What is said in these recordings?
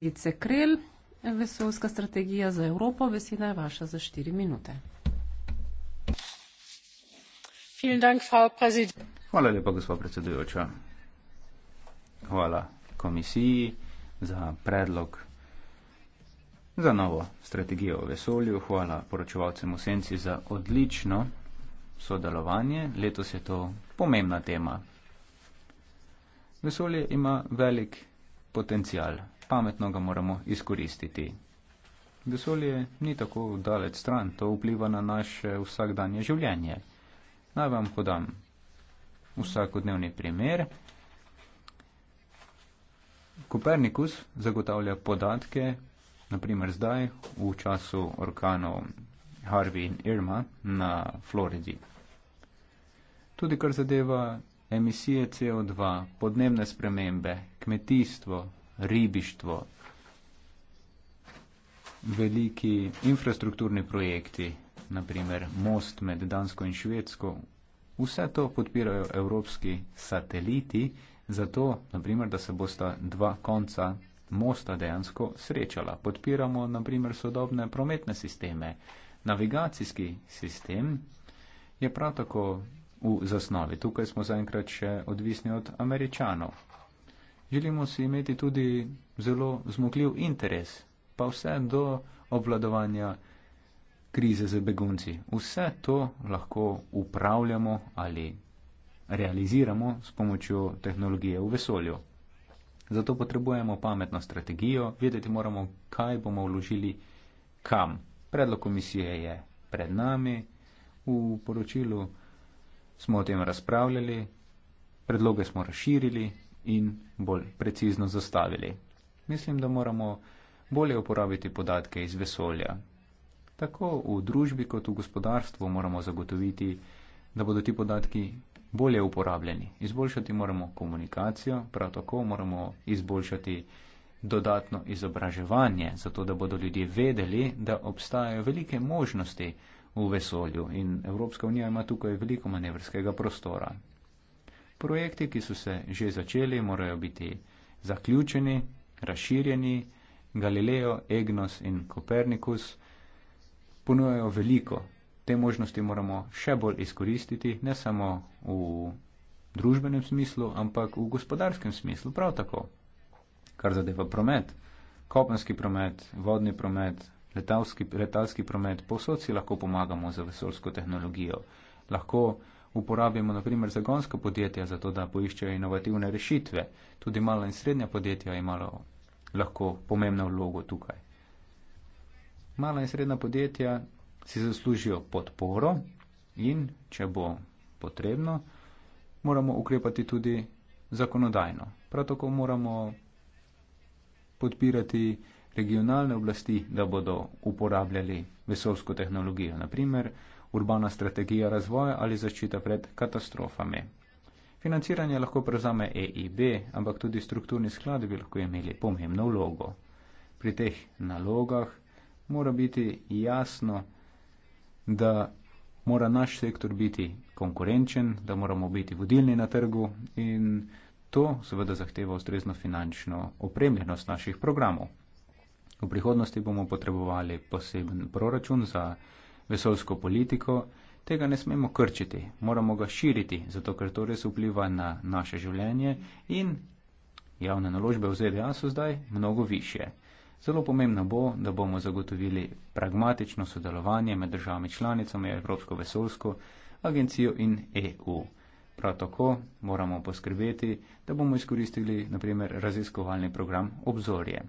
Ice Krel, vesoljska strategija za Evropo. Beseda je vaša za štiri minute. Hvala lepa, gospod predsedujoča. Hvala komisiji za predlog za novo strategijo o vesolju. Hvala poročevalcem v senci za odlično sodelovanje. Letos je to pomembna tema. Vesolje ima velik potencial pametno ga moramo izkoristiti. Vesolje ni tako daleč stran, to vpliva na naše vsakdanje življenje. Naj vam podam vsakodnevni primer. Kopernikus zagotavlja podatke, naprimer zdaj, v času orkanov Harvey in Irma na Floridi. Tudi kar zadeva emisije CO2, podnebne spremembe, kmetijstvo, ribištvo, veliki infrastrukturni projekti, naprimer most med Dansko in Švedsko, vse to podpirajo evropski sateliti, zato, naprimer, da se bosta dva konca mosta dejansko srečala. Podpiramo, naprimer, sodobne prometne sisteme. Navigacijski sistem je prav tako v zasnovi. Tukaj smo zaenkrat še odvisni od američanov. Želimo si imeti tudi zelo zmogljiv interes, pa vse do obvladovanja krize z begunci. Vse to lahko upravljamo ali realiziramo s pomočjo tehnologije v vesolju. Zato potrebujemo pametno strategijo, vedeti moramo, kaj bomo vložili kam. Predlog komisije je pred nami, v poročilu smo o tem razpravljali, predloge smo razširili, in bolj precizno zastavili. Mislim, da moramo bolje uporabiti podatke iz vesolja. Tako v družbi kot v gospodarstvu moramo zagotoviti, da bodo ti podatki bolje uporabljeni. Izboljšati moramo komunikacijo, prav tako moramo izboljšati dodatno izobraževanje, zato da bodo ljudje vedeli, da obstajajo velike možnosti v vesolju in Evropska unija ima tukaj veliko manevrskega prostora. Projekti, ki so se že začeli, morajo biti zaključeni, razširjeni. Galileo, Egnos in Kopernikus ponujajo veliko. Te možnosti moramo še bolj izkoristiti, ne samo v družbenem smislu, ampak v gospodarskem smislu prav tako. Kar zadeva promet, kopenski promet, vodni promet, letalski, letalski promet, posod si lahko pomagamo za vesolsko tehnologijo. Lahko uporabimo naprimer zagonsko podjetje za to, da poiščejo inovativne rešitve. Tudi mala in srednja podjetja imajo lahko pomembno vlogo tukaj. Mala in srednja podjetja si zaslužijo podporo in, če bo potrebno, moramo ukrepati tudi zakonodajno. Prav tako moramo podpirati regionalne oblasti, da bodo uporabljali vesolsko tehnologijo. Naprimer, urbana strategija razvoja ali zaščita pred katastrofami. Financiranje lahko prevzame EIB, ampak tudi strukturni sklad bi lahko imeli pomembno vlogo. Pri teh nalogah mora biti jasno, da mora naš sektor biti konkurenčen, da moramo biti vodilni na trgu in to seveda zahteva ustrezno finančno opremljenost naših programov. V prihodnosti bomo potrebovali poseben proračun za vesoljsko politiko, tega ne smemo krčiti, moramo ga širiti, zato ker to res vpliva na naše življenje in javne naložbe v ZDA so zdaj mnogo više. Zelo pomembno bo, da bomo zagotovili pragmatično sodelovanje med državami članicami Evropsko vesoljsko agencijo in EU. Prav tako moramo poskrbeti, da bomo izkoristili naprimer raziskovalni program Obzorje.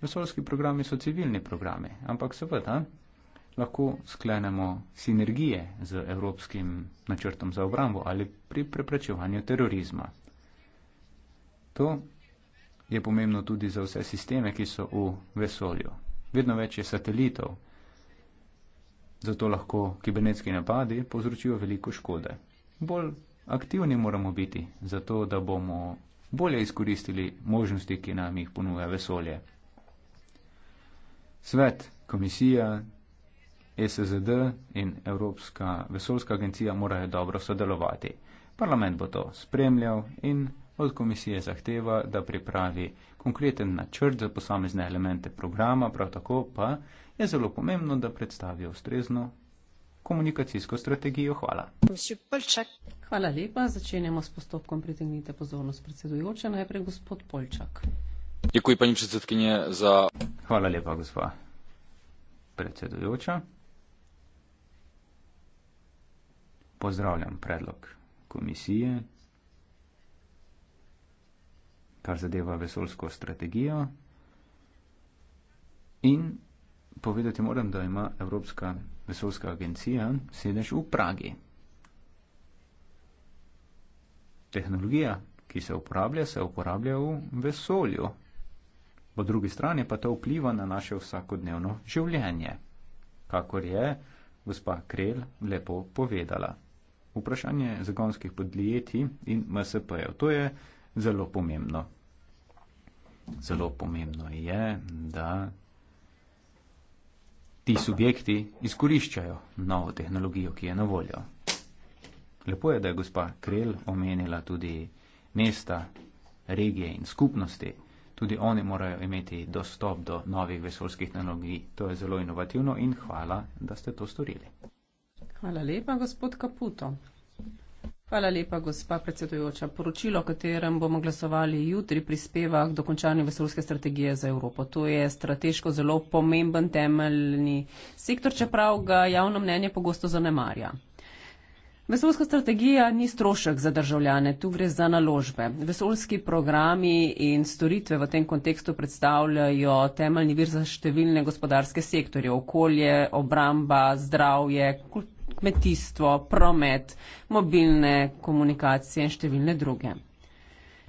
Vesoljski programi so civilni programi, ampak seveda lahko sklenemo sinergije z Evropskim načrtom za obrambo ali pri preprečevanju terorizma. To je pomembno tudi za vse sisteme, ki so v vesolju. Vedno več je satelitov, zato lahko kibernetski napadi povzročijo veliko škode. Bolj aktivni moramo biti, zato da bomo bolje izkoristili možnosti, ki nam jih ponuja vesolje. Svet, komisija, E SZD in Evropska vesoljska agencija morajo dobro sodelovati. Parlament bo to spremljal in od komisije zahteva, da pripravi konkreten načrt za posamezne elemente programa, prav tako pa je zelo pomembno, da predstavi ustrezno komunikacijsko strategijo. Hvala. Hvala lepa. Začenjamo s postopkom. Pritegnite pozornost predsedujoče. Najprej gospod Polčak. Děkuji, paní předsedkyně, za. Hvala lepa, gospa predsedujoča. pozdravljam predlog komisije, kar zadeva vesolsko strategijo. In povedati moram, da ima Evropska vesolska agencija sedež v Pragi. Tehnologija, ki se uporablja, se uporablja v vesolju. Po drugi strani pa to vpliva na naše vsakodnevno življenje, kakor je gospa Krel lepo povedala vprašanje zagonskih podjetij in MSP-jev. To je zelo pomembno. Zelo pomembno je, da ti subjekti izkoriščajo novo tehnologijo, ki je na voljo. Lepo je, da je gospa Krel omenila tudi mesta, regije in skupnosti. Tudi oni morajo imeti dostop do novih vesolskih tehnologij. To je zelo inovativno in hvala, da ste to storili. Hvala lepa, gospod Kaputo. Hvala lepa, gospa predsedujoča. Poročilo, o katerem bomo glasovali jutri, prispeva k dokončanju vesoljske strategije za Evropo. To je strateško zelo pomemben temeljni sektor, čeprav ga javno mnenje pogosto zanemarja. Vesoljska strategija ni strošek za državljane, tu gre za naložbe. Vesoljski programi in storitve v tem kontekstu predstavljajo temeljni vir za številne gospodarske sektorje, okolje, obramba, zdravje, kulturo kmetijstvo, promet, mobilne komunikacije in številne druge.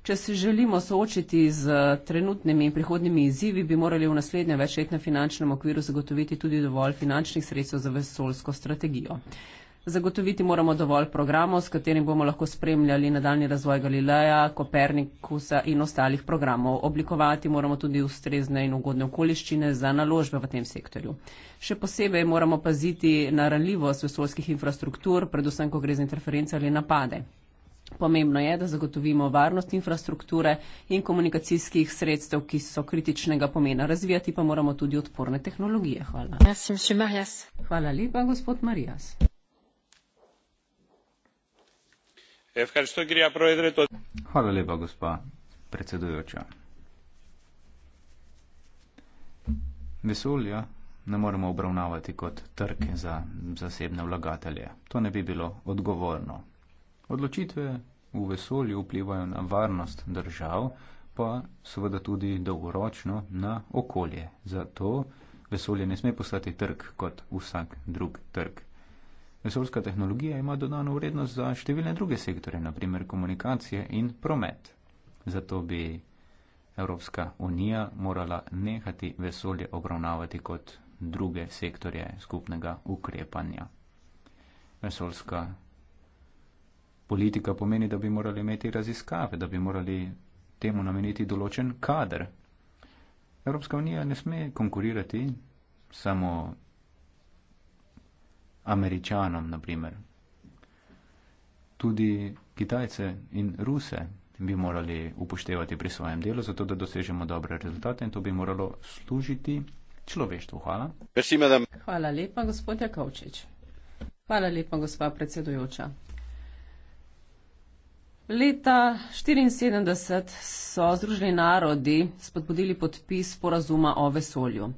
Če se želimo soočiti z trenutnimi in prihodnimi izzivi, bi morali v naslednjem večletnem finančnem okviru zagotoviti tudi dovolj finančnih sredstev za vesolsko strategijo. Zagotoviti moramo dovolj programov, s katerim bomo lahko spremljali nadaljni razvoj Galileja, Kopernikusa in ostalih programov. Oblikovati moramo tudi ustrezne in ugodne okoliščine za naložbe v tem sektorju. Še posebej moramo paziti na ranljivost vesolskih infrastruktur, predvsem, ko gre za interference ali napade. Pomembno je, da zagotovimo varnost infrastrukture in komunikacijskih sredstev, ki so kritičnega pomena. Razvijati pa moramo tudi odporne tehnologije. Hvala. Hvala lepa, gospod Marijas. Hvala lepa, gospa predsedujoča. Vesolja ne moremo obravnavati kot trg za zasebne vlagatelje. To ne bi bilo odgovorno. Odločitve v vesolju vplivajo na varnost držav, pa seveda tudi dolgoročno na okolje. Zato vesolje ne sme postati trg kot vsak drug trg. Vesoljska tehnologija ima dodano vrednost za številne druge sektore, naprimer komunikacije in promet. Zato bi Evropska unija morala nehati vesolje obravnavati kot druge sektorje skupnega ukrepanja. Vesoljska politika pomeni, da bi morali imeti raziskave, da bi morali temu nameniti določen kader. Evropska unija ne sme konkurirati samo američanom, naprimer. Tudi kitajce in ruse bi morali upoštevati pri svojem delu, zato da dosežemo dobre rezultate in to bi moralo služiti človeštvu. Hvala. Hvala lepa, gospod Jakovčič. Hvala lepa, gospa predsedujoča. Leta 1974 so Združeni narodi spodbudili podpis sporazuma o vesolju.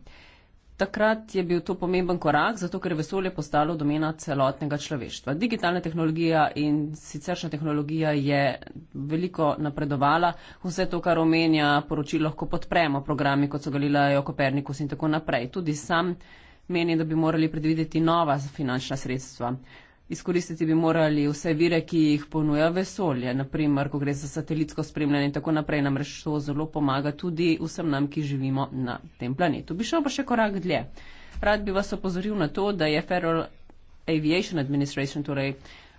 Takrat je bil to pomemben korak, zato ker je vesolje postalo domena celotnega človeštva. Digitalna tehnologija in siceršna tehnologija je veliko napredovala. Vse to, kar omenja poročilo, lahko podpremo programi, kot so Galileo, Kopernikus in tako naprej. Tudi sam menim, da bi morali predvideti nova finančna sredstva. Izkoristiti bi morali vse vire, ki jih ponuja vesolje, naprimer, ko gre za satelitsko spremljanje in tako naprej, namreč to zelo pomaga tudi vsem nam, ki živimo na tem planetu. Bi šel pa še korak dlje. Rad bi vas opozoril na to, da je Federal Aviation Administration, torej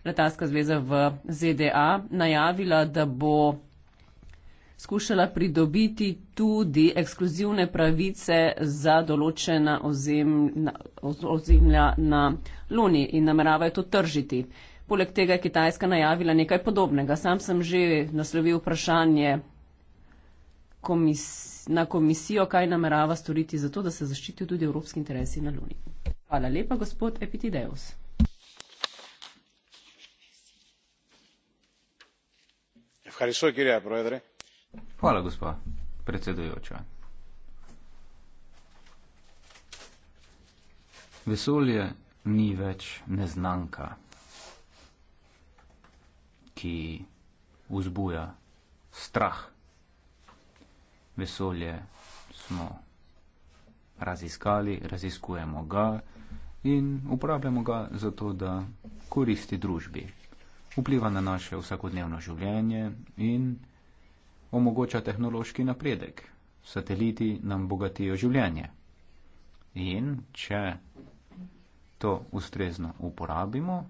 letalska zveza v ZDA, najavila, da bo skušala pridobiti tudi ekskluzivne pravice za določena ozemlja na Luni in nameravajo to tržiti. Poleg tega je Kitajska najavila nekaj podobnega. Sam sem že naslovil vprašanje komis na komisijo, kaj namerava storiti za to, da se zaščitijo tudi evropski interesi na Luni. Hvala lepa, gospod Epitideus. Hvala, gospa predsedujoča. Vesolje ni več neznanka, ki vzbuja strah. Vesolje smo raziskali, raziskujemo ga in uporabljamo ga zato, da koristi družbi. Vpliva na naše vsakodnevno življenje in omogoča tehnološki napredek. Sateliti nam bogatijo življenje. In če to ustrezno uporabimo,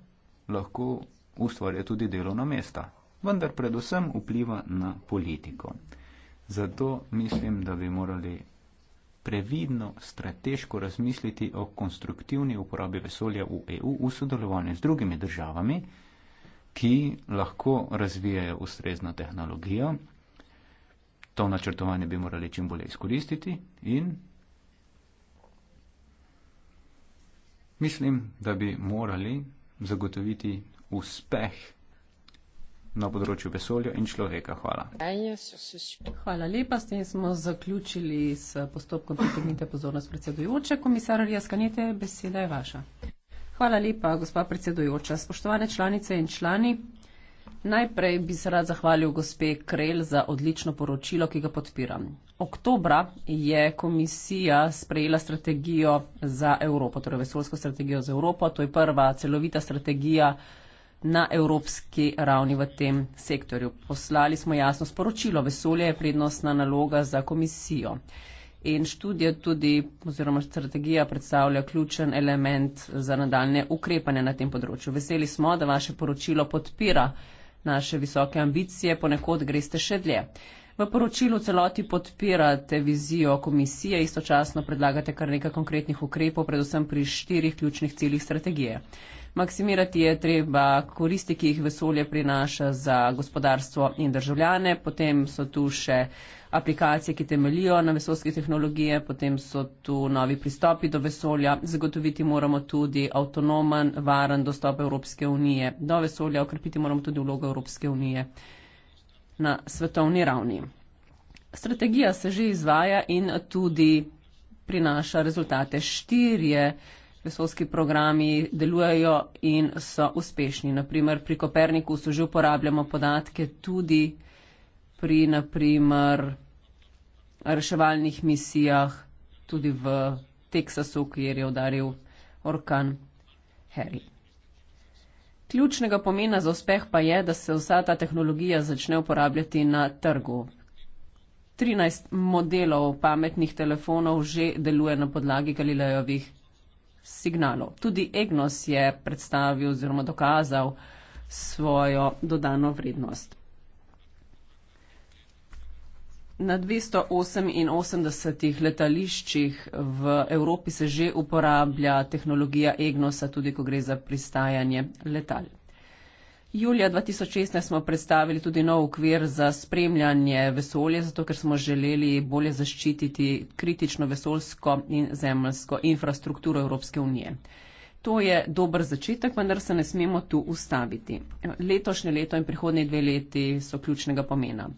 lahko ustvarja tudi delovna mesta. Vendar predvsem vpliva na politiko. Zato mislim, da bi morali previdno, strateško razmisliti o konstruktivni uporabi vesolja v EU v sodelovanju z drugimi državami, ki lahko razvijajo ustrezno tehnologijo to načrtovanje bi morali čim bolje izkoristiti in mislim, da bi morali zagotoviti uspeh na področju vesolja in človeka. Hvala. Hvala lepa. S tem smo zaključili s postopkom pritegnite pozornost predsedujoče. Komisar Rijaskanite, beseda je vaša. Hvala lepa, gospa predsedujoča. Spoštovane članice in člani. Najprej bi se rad zahvalil gospe Krel za odlično poročilo, ki ga podpiram. Oktobra je komisija sprejela strategijo za Evropo, torej vesolsko strategijo za Evropo. To je prva celovita strategija na evropski ravni v tem sektorju. Poslali smo jasno sporočilo, vesolje je prednostna naloga za komisijo. In študija tudi, oziroma strategija predstavlja ključen element za nadaljne ukrepanje na tem področju. Veseli smo, da vaše poročilo podpira naše visoke ambicije, ponekod greste še dlje. V poročilu celoti podpirate vizijo komisije, istočasno predlagate kar nekaj konkretnih ukrepov, predvsem pri štirih ključnih ciljih strategije maksimirati je treba koristi, ki jih vesolje prinaša za gospodarstvo in državljane. Potem so tu še aplikacije, ki temelijo na vesolske tehnologije, potem so tu novi pristopi do vesolja. Zagotoviti moramo tudi avtonomen, varen dostop Evropske unije do vesolja, okrepiti moramo tudi vlogo Evropske unije na svetovni ravni. Strategija se že izvaja in tudi prinaša rezultate štirje vesoljski programi delujejo in so uspešni. Naprimer, pri Koperniku so že uporabljamo podatke tudi pri naprimer reševalnih misijah, tudi v Teksasu, kjer je udaril orkan Harry. Ključnega pomena za uspeh pa je, da se vsa ta tehnologija začne uporabljati na trgu. 13 modelov pametnih telefonov že deluje na podlagi Galilejovih signalov. Tudi Egnos je predstavil oziroma dokazal svojo dodano vrednost. Na 288 letališčih v Evropi se že uporablja tehnologija Egnosa, tudi ko gre za pristajanje letal. Julija 2016 smo predstavili tudi nov ukvir za spremljanje vesolja, zato ker smo želeli bolje zaščititi kritično vesolsko in zemljsko infrastrukturo Evropske unije. To je dober začetek, vendar se ne smemo tu ustaviti. Letošnje leto in prihodnje dve leti so ključnega pomena.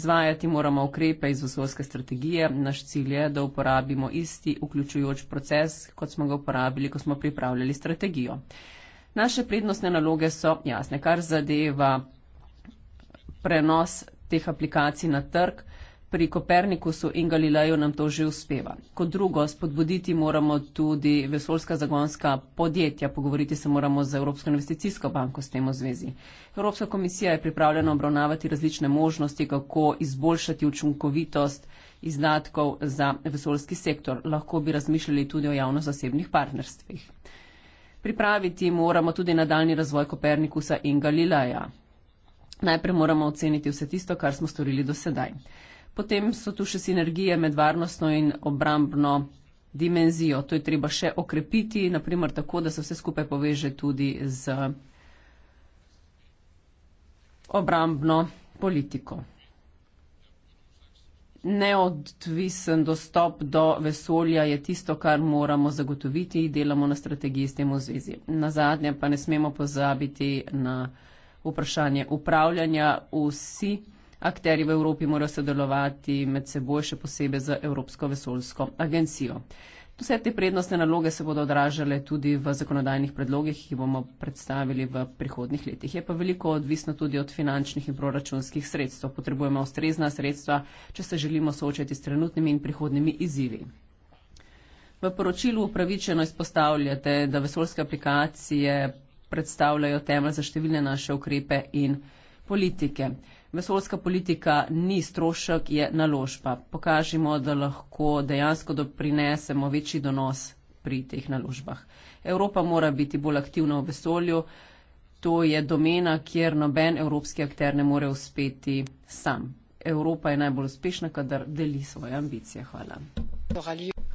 Izvajati moramo ukrepe iz vesolske strategije. Naš cilj je, da uporabimo isti vključujoč proces, kot smo ga uporabili, ko smo pripravljali strategijo. Naše prednostne naloge so jasne, kar zadeva prenos teh aplikacij na trg. Pri Kopernikusu in Galileju nam to že uspeva. Kot drugo, spodbuditi moramo tudi vesoljska zagonska podjetja, pogovoriti se moramo z Evropsko investicijsko banko s tem v zvezi. Evropska komisija je pripravljena obravnavati različne možnosti, kako izboljšati učinkovitost izdatkov za vesoljski sektor. Lahko bi razmišljali tudi o javno-zasebnih partnerstvih. Pripraviti moramo tudi nadaljni razvoj Kopernikusa in Galileja. Najprej moramo oceniti vse tisto, kar smo storili do sedaj. Potem so tu še sinergije med varnostno in obrambno dimenzijo. To je treba še okrepiti, naprimer tako, da se vse skupaj poveže tudi z obrambno politiko. Neodvisen dostop do vesolja je tisto, kar moramo zagotoviti in delamo na strategiji s tem v zvezi. Na zadnje pa ne smemo pozabiti na vprašanje upravljanja. Vsi akteri v Evropi morajo sodelovati med seboj, še posebej z Evropsko vesoljsko agencijo. Vse te prednostne naloge se bodo odražale tudi v zakonodajnih predlogih, ki bomo predstavili v prihodnih letih. Je pa veliko odvisno tudi od finančnih in proračunskih sredstev. Potrebujemo ustrezna sredstva, če se želimo soočati s trenutnimi in prihodnimi izzivi. V poročilu upravičeno izpostavljate, da vesoljske aplikacije predstavljajo temelj za številne naše ukrepe in politike. Vesoljska politika ni strošek, je naložba. Pokažimo, da lahko dejansko doprinesemo večji donos pri teh naložbah. Evropa mora biti bolj aktivna v vesolju. To je domena, kjer noben evropski akter ne more uspeti sam. Evropa je najbolj uspešna, kadar deli svoje ambicije. Hvala. Hvala.